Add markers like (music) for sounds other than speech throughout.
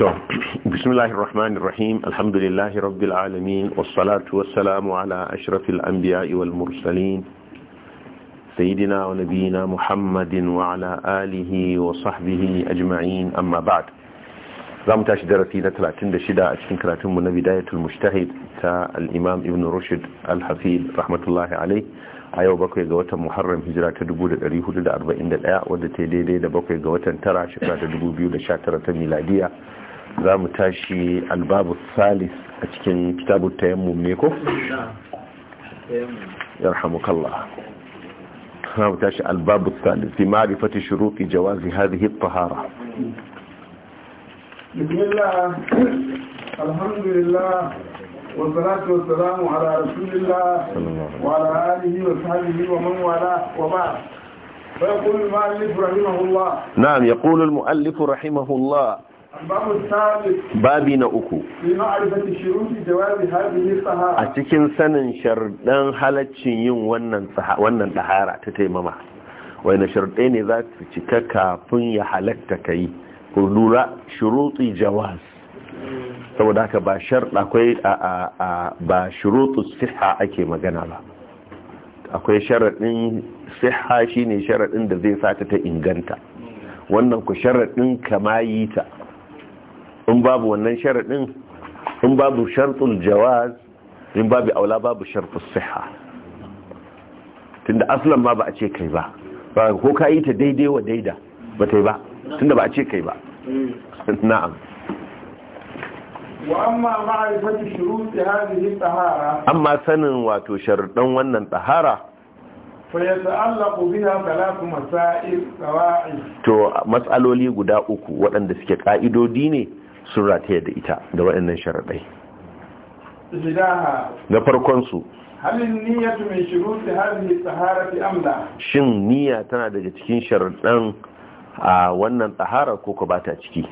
طيب. (clears throat) بسم الله الرحمن الرحيم الحمد لله رب العالمين والصلاة والسلام على أشرف الأنبياء والمرسلين سيدنا ونبينا محمد وعلى آله وصحبه أجمعين أما بعد رام تاش درسينا تلاتين دشدا أشكين كراتم من بداية المجتهد الإمام ابن رشد الحفيد رحمة الله عليه أيو بكي جوتا محرم هجرة دبود الأريه لدى أربعين دلاء ودى تيدي دبكي ترى شكرة دبود بيو لشاترة ميلادية za mu tashi albabu salis a cikin kitabu ta yammu ne ko? yarhamukallah za mu tashi albabu salis fi ma'rifati shuruqi jawazi hadhihi at-tahara bismillah alhamdulillah والصلاة والسلام على رسول الله وعلى آله وصحبه ومن والاه وبعد فيقول المؤلف رحمه الله نعم يقول المؤلف رحمه الله babi na uku a cikin sanin sharɗan halaccin yin wannan ɗahara ta taimama wani sharɗe ne za su cika kafin ya halatta ka yi lura shuruɗi jawaz saboda haka ba sharɗa akwai ba shuruɗi siha ake magana ba akwai sharaɗin siha shine sharaɗin da zai sata ta inganta wannan ku sharaɗin kama yi ta in babu wannan sharaɗin in babu shartul jawaz in babu aula babu shartus siha tunda aslan ma ba a ce kai ba ba ko ka yi ta daidai wa daida ba ta yi ba tunda ba a ce kai ba na'am amma sanin wato sharuɗan wannan tsahara to matsaloli guda uku waɗanda suke ƙa'idodi ne sun ta da ita da waɗannan sharaɗai na farkonsu halin mai shiru ta hadhihi tsahara fi amla. shin niyya tana daga cikin sharaɗan a wannan tsahara ko ba bata ciki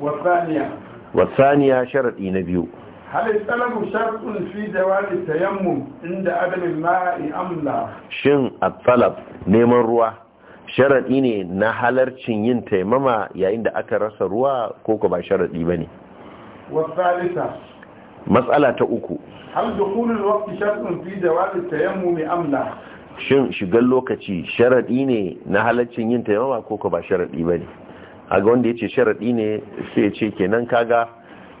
wasaniya wasaniya sharaɗi na biyu halin talabu shartun fi jawazi tayammum inda adamin ma'a'i amla. shin a tsalab neman ruwa sharaɗi ne na halarcin yin taimama yayin da aka rasa ruwa ko ba sharaɗi ba ne matsala ta uku fi mai amla shin shigar lokaci sharaɗi ne na halarcin yin taimama ko ba sharaɗi ba ne a ga wanda ya ce sharaɗi ne sai ya ce kenan kaga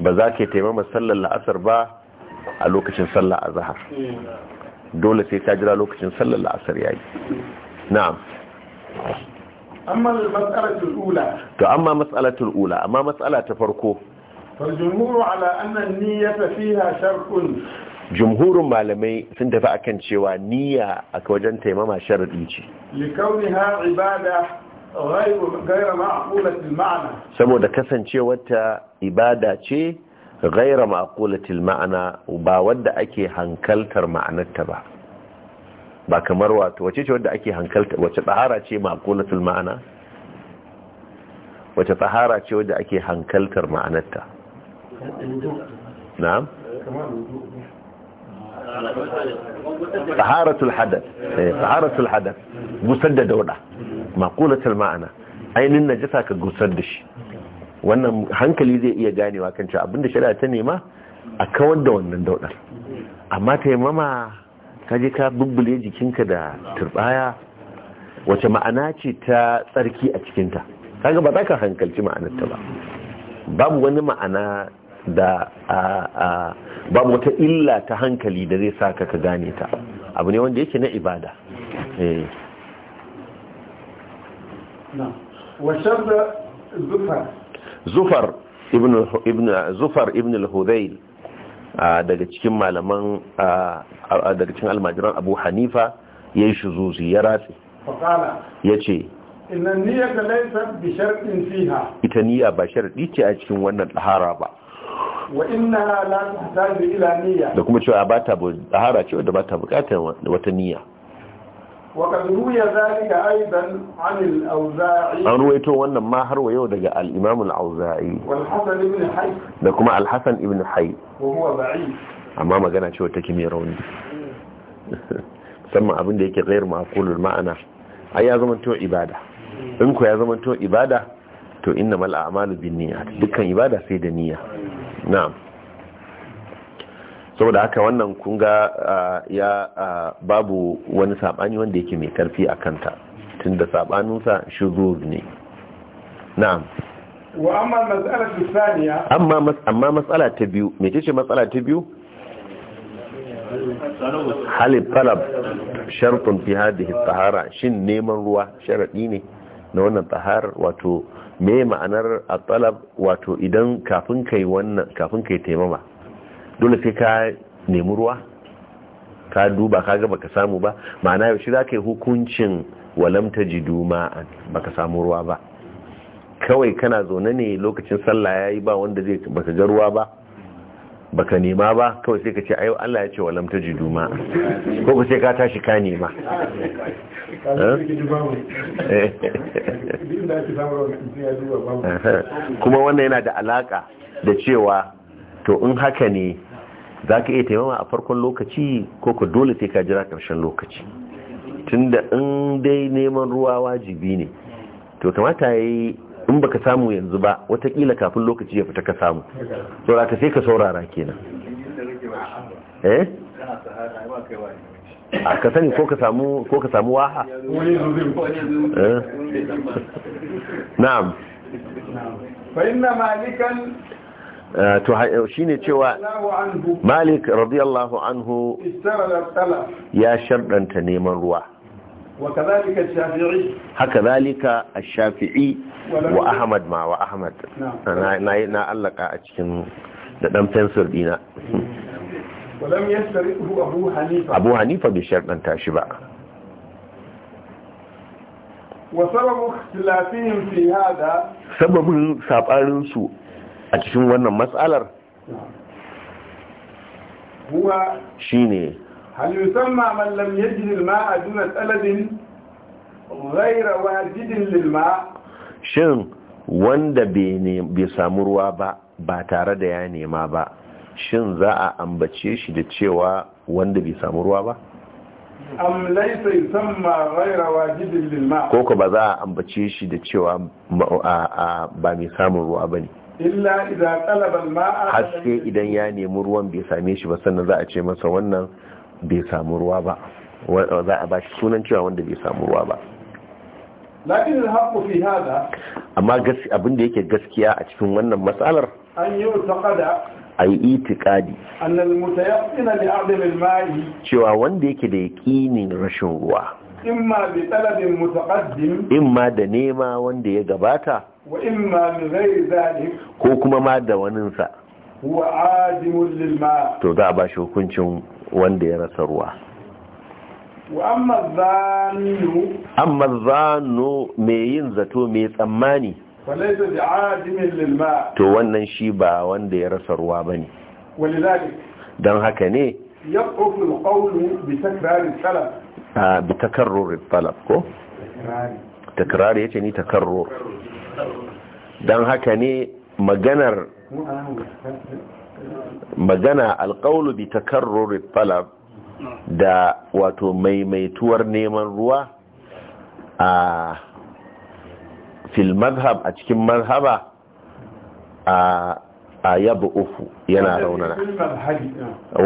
ba za ka taimama sallar la'asar ba a lokacin sallar azahar? Eh. dole sai ta jira lokacin sallar la'asar yayi na'am amma mas'alatul ula to amma mas'alatul ula amma ta farko jumhuru jumhurin malamai sun tafi akan cewa niyya a wajen taimama sharadi ce likauniha ibada saboda kasancewarta ibada ce ghayra ma'qulatil ba wadda ake hankaltar ma'anarta ba ba kamar wato wace ce wadda ake hankalta wace tsahara ce maqulatul ma'ana wace tsahara ce wadda ake hankaltar ma'anarta na'am taharatul hadath eh taharatul hadath gusar da dauda maqulatul ma'ana ainin najasa ka gusar da shi wannan hankali zai iya ganewa kan cewa abinda shari'a ta nema a kawar da wannan daudar amma taimama ka je ka bubbule jikinka da turbaya wace ma'ana ce ta tsarki a cikinta kaga ba za ka hankalci ma'anarta ba babu wani ma'ana da a a babu wata illa ta hankali da zai saka ka gane ta abu ne wanda yake na ibada eh. zufar ibn zufar ibn al-hudayl daga cikin malaman daga cikin almajiran abu hanifa ya yi zuzi, ya ratse ya ce ita niyya ba sharaɗi ce a cikin wannan ɗahara ba da kuma cewa ba ta ce wadda ba ta bukatar wata niyya وقد روي ذلك ايضا عن الاوزاعي ان رويته daga ما هو يو دغ الامام الاوزاعي والحسن بن حي ده كما magana ce wata kimi rauni sannan abin da yake ghair maqul ma'ana ai ya zama to ibada in ku ya zama to ibada to innamal a'malu binniyat dukkan ibada sai da niyya na'am saboda haka wannan kunga ya babu wani sabani wanda yake mai karfi a kanta tunda sabaninsa shuzuz ne na'am amma matsala ta biyu me ce matsala ta biyu halin talab sharfin fi hadhihi tahara shin neman ruwa sharaɗi ne na wannan taharar wato me ma'anar a talab wato idan kafin kai kafin kai taimama dole sai ka nemi ruwa ka duba ka ga baka samu ba ma'ana yaushe za ka yi hukuncin walamta duma ma'an baka samu ruwa ba kawai kana zaune ne lokacin sallah ya yi ba wanda zai baka ga ruwa ba baka nema ba kawai sai ka ce ayo Allah ya ce walam ji duma ko ku sai ka tashi ka nema (laughs) kuma wannan yana da alaka da cewa to in haka ne za ka iya taimama a farkon lokaci ko ka dole sai ka jira karshen lokaci tunda in dai neman ruwa wajibi ne to kamata ya yi in baka samu yanzu ba watakila kafin lokaci ya fita ka samu ka sai ka saurara kenan eh a ka sani ko ka samu waha eh? (laughs) na'am fa malikan Eh, to eh, shine cewa malik radiyallahu anhu ya sharɗanta neman ruwa haka zalika a shafi'i wa ahmad ma wa ahmad na yi allaka a cikin da ɗan fensir dina abu hanifa bai sharɗanta shi ba sababin saɓarinsu a cikin wannan matsalar shi ne hal yusamma man lam yajid maa duna talabin ghayra wajidin lil-ma' shin wanda bai samu ruwa ba ba tare da ya nema ba shin za a ambace shi da cewa wanda bai samu ruwa ba am laysa yusamma ghayra wajidin lil-ma' ko ba za a ambace shi da cewa ba mai samun ruwa bane al-ma'a haske idan ya nemi ruwan bai same shi ba sannan za a ce masa wannan bai samu ruwa ba za a bashi sunan cewa wanda bai samu ruwa ba lakin alhaqqu fi hada amma abin da yake gaskiya a cikin wannan matsalar an yi taqada ai itiqadi annal mutayaqqina li al-ma'i cewa wanda yake da yaqinin rashin ruwa imma bi talabin mutaqaddim imma da nema wanda ya gabata wa imma bi ghairi zalik ko kuma ma da wanin sa wa adimul lil ma to za a ba shi hukuncin wanda ya rasa ruwa wa amma zannu amma zannu me yin zato me tsammani falaita bi adimin lil ma to wannan shi ba wanda ya rasa ruwa bane walidalik dan haka ne yaqulu qawlu bi takrar al salat bi takarrur talab ko takrar yace ni takarrur dan haka ne maganar magana alqawlu bi takarrur talab da wato maimaituwar neman ruwa a fil madhhab a cikin madhhaba a a yaba ufu yana raunana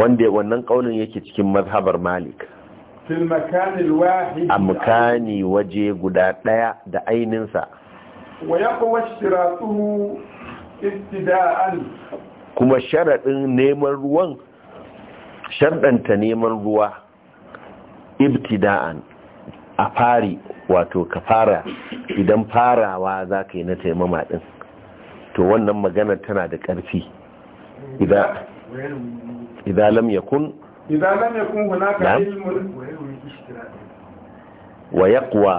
wanda wannan kaunin yake cikin mazhabar malik a mukani waje guda ɗaya da aininsa kuma sharaɗin neman ruwan sharɗanta neman ruwa ibtida'an a fari wato ka fara idan farawa za ka yi na taimama ɗin to wannan magana tana da ƙarfi idan lam yakun idan lam yakun hunaka ilmun wa yaqwa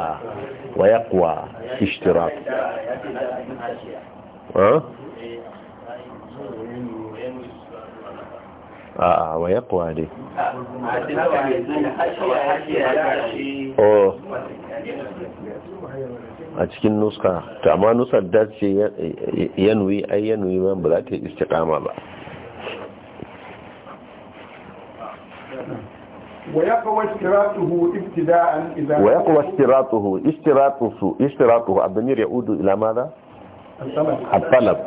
wa a'a wa yaqwa a cikin nuska to amma nusar dace yanwi ai yanwi ba za ta yi istiqama ba ويقوى اشتراطه ابتداء اذا ويقوى اشتراطه اشتراطه اشتراطه الضمير يعود الى ماذا الطلب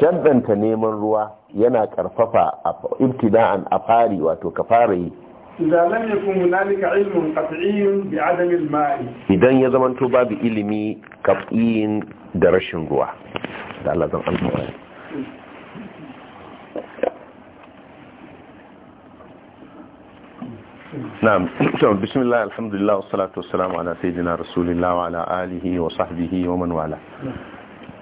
شدا تنيم الروا ينا كرففا ابتداء اقاري واتو كفاري اذا لم يكن هنالك علم قطعي بعدم الماء اذا يزمن تو باب علمي كفين درشن روا ده الله زمان na'am to (clears throat) bismillah alhamdulillah wassalatu wassalamu ala sayidina rasulillah wa ala alihi wa sahbihi wa man wala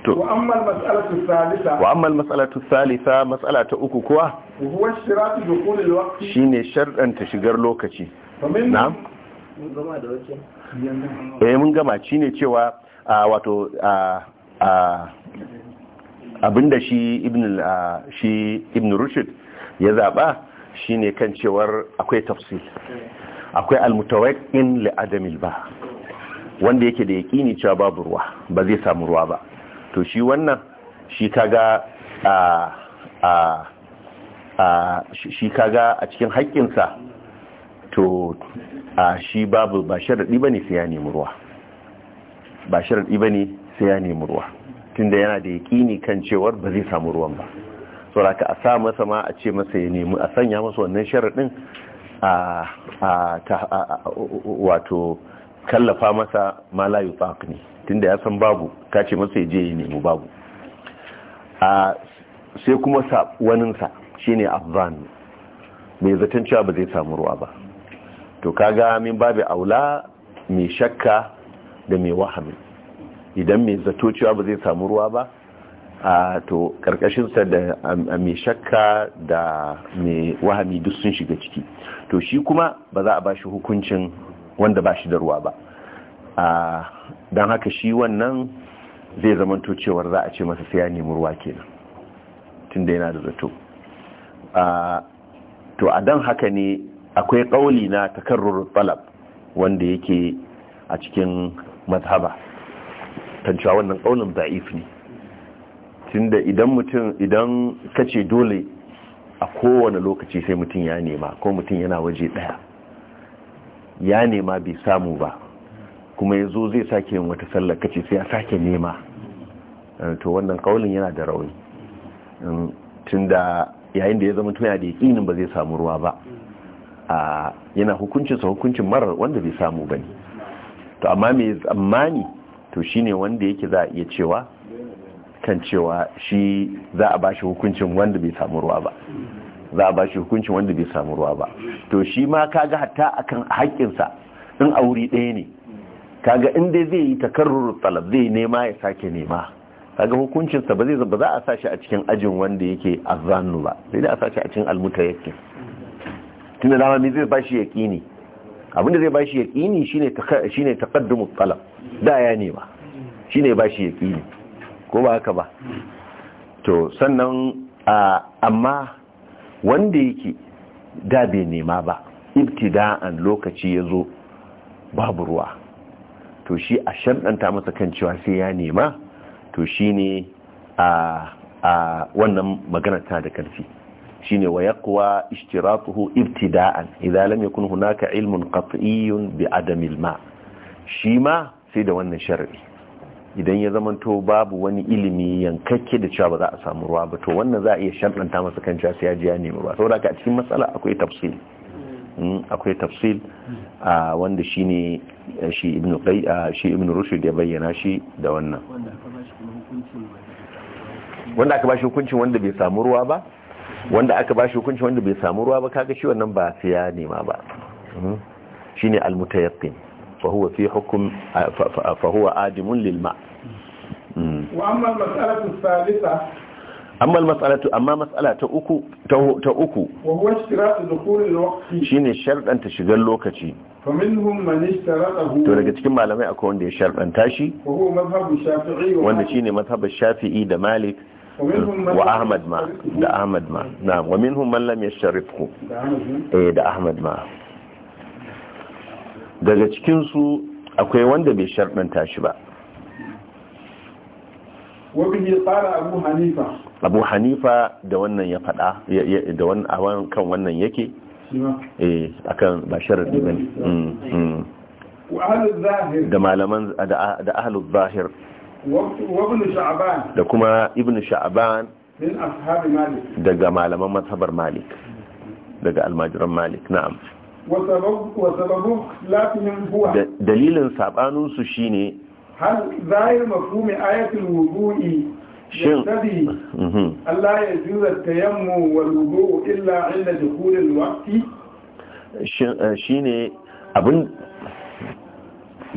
to wa amma almas'alatu thalitha wa amma almas'alatu thalitha mas'ala ta uku kuwa huwa shiratu dukhul shine shardan ta shigar lokaci na'am mun gama da wace eh, cewa wato abinda shi ibn shi ibn rushd ya zaba shine kan cewar akwai tafsil akwai almutawaqqin li adamil ba wanda yake da ne cewa babu ruwa ba zai samu ruwa ba to shi wannan shi kaga a a a shi kaga a cikin haƙƙinsa to a shi babu ba sharaɗi ba ne sai ya nemi ruwa ba sharaɗi ba ne sai ya nemi ruwa tunda yana da ne kan cewar ba zai samu ruwan ba ka a sa masa ma a ce masa ya nemi a sanya masa wannan sharaɗin a wato kallafa masa ma layu ne tunda ya san babu ka ce masa ya je ya nemi babu sai kuma sa waninsa ne afzan mai zaton cewa ba zai samu ruwa ba to kaga min babu aula mai shakka da mai wahami idan mai zato cewa ba zai samu ruwa ba a to karkashinsa da mai shakka da mai wahami duk sun shiga ciki to shi kuma ba za a ba shi hukuncin wanda ba shi da ruwa ba don haka shi wannan zai zamanto cewar za a ce masa sai ya nemi ruwa kenan tun da yana da zato to a don haka ne akwai ƙauli na takarrur talab wanda yake a cikin mazhaba tancewa wannan ƙaunin da'if ne tunda idan mutum idan kace dole a kowane lokaci sai mutum ya nema ko mutum yana waje daya ya nema bai samu ba kuma ya zo zai sake yin wata sallar kace sai ya sake nema eh, to wannan kaulin yana da rauni eh, tunda yayin da ya zama tuna da yakinin ba zai samu ruwa ba yana hukuncinsa hukuncin marar wanda bai samu ba ne to amma mai tsammani to shine wanda yake za a iya cewa akan cewa shi za a bashi hukuncin wanda bai samu ruwa ba za a bashi hukuncin wanda bai samu ruwa ba to shi ma kaga hatta akan haƙƙinsa in a wuri ɗaya ne kaga in dai zai yi takarrur talab zai nema ya sake nema kaga hukuncinsa ba zai ba za a sashi a cikin ajin wanda yake azanu ba sai dai a sashi a cikin almutayakkin tunda dama me zai bashi yaqini abin da zai bashi yaqini shine shine taqaddumu talab da ya nema shine bashi yaqini ko ba haka ba to sannan amma wanda yake da bai nema ba ibtida'an lokaci ya zo babu ruwa to shi a sharɗanta masa kan cewa sai ya nema to shi ne a wannan magana ta da ƙarfi shi ne wa yakuwa ishtiratuhu ibtida'an idan lam yakun hunaka ilmun qat'iyyun bi adamil ma shi ma sai da wannan sharri idan ya zama to babu wani ilimi yankakke da cewa ba za a samu ruwa ba to wannan za a iya sharɗanta masa kan cewa sai ya ji ya nemi ba saboda ka a cikin matsala akwai tafsil hmm, akwai tafsil a wanda shi ne eh, shi ibn shi ibn rushd ya bayyana shi da wannan wanda aka bashi hukuncin wanda bai samu ruwa ba wanda aka bashi hukuncin wanda bai samu ruwa ba kaga shi wannan ba sai ya nema ba hmm, shine al-mutayaqqin فهو في حكم فهو آدم للماء وأما المسألة الثالثة amma mas'alatu ta uku ta uku wa huwa ishtiratu lokaci fa to daga cikin malamai akwai wanda ya sharɗanta shi wa huwa madhhabu shafi'i shine madhhabu shafi'i da malik wa ahmad ma da da ahmad ma daga cikinsu akwai wanda bai sharɗanta shi ba abu hanifa da wannan ya faɗa da wannan kan wannan yake eh, a akan ba sharadi mm, mm. da malaman da zahir da kuma ibn Sha'aban. daga malaman mazhabar malik daga almajiran malik na'am dalilin وسبب اختلافهم هو دليل سابانون سو شيني هل allah ya آية الوضوء يقتضي ألا يجوز التيمم والوضوء da عند دخول shi ne abin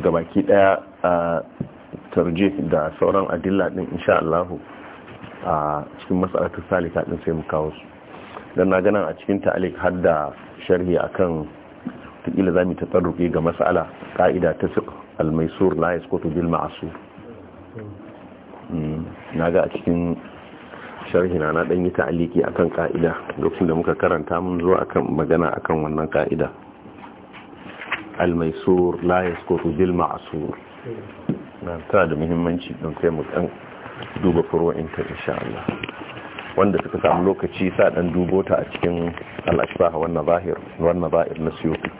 gabaki daya a eh, tarje da sauran adilla din insha Allahu a cikin matsalatu salika din sai mu kawo su don na ganin a cikin ta'alik har da sharhi akan takila za mu tattaruki ga mas'ala ka'ida ta fiqh al-maisur la yasqutu bil ma'sur hmm, naga a cikin sharhi na na dan yi ta'aliki akan ka'ida lokacin da muka karanta mun zo akan magana akan wannan ka'ida al-maisur la yasqutu bil ma'sur na ta da muhimmanci don sai mu dan duba furo'in ta insha Allah wanda suka samu lokaci sa dan dubota a cikin al-ashbah wannan zahir wannan zahir na suyuti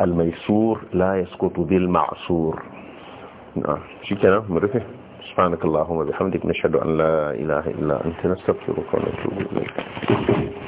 الميسور لا يسقط بالمعسور نعم شكرا مرفه سبحانك اللهم وبحمدك نشهد أن لا إله إلا أنت نستغفرك ونتوب إليك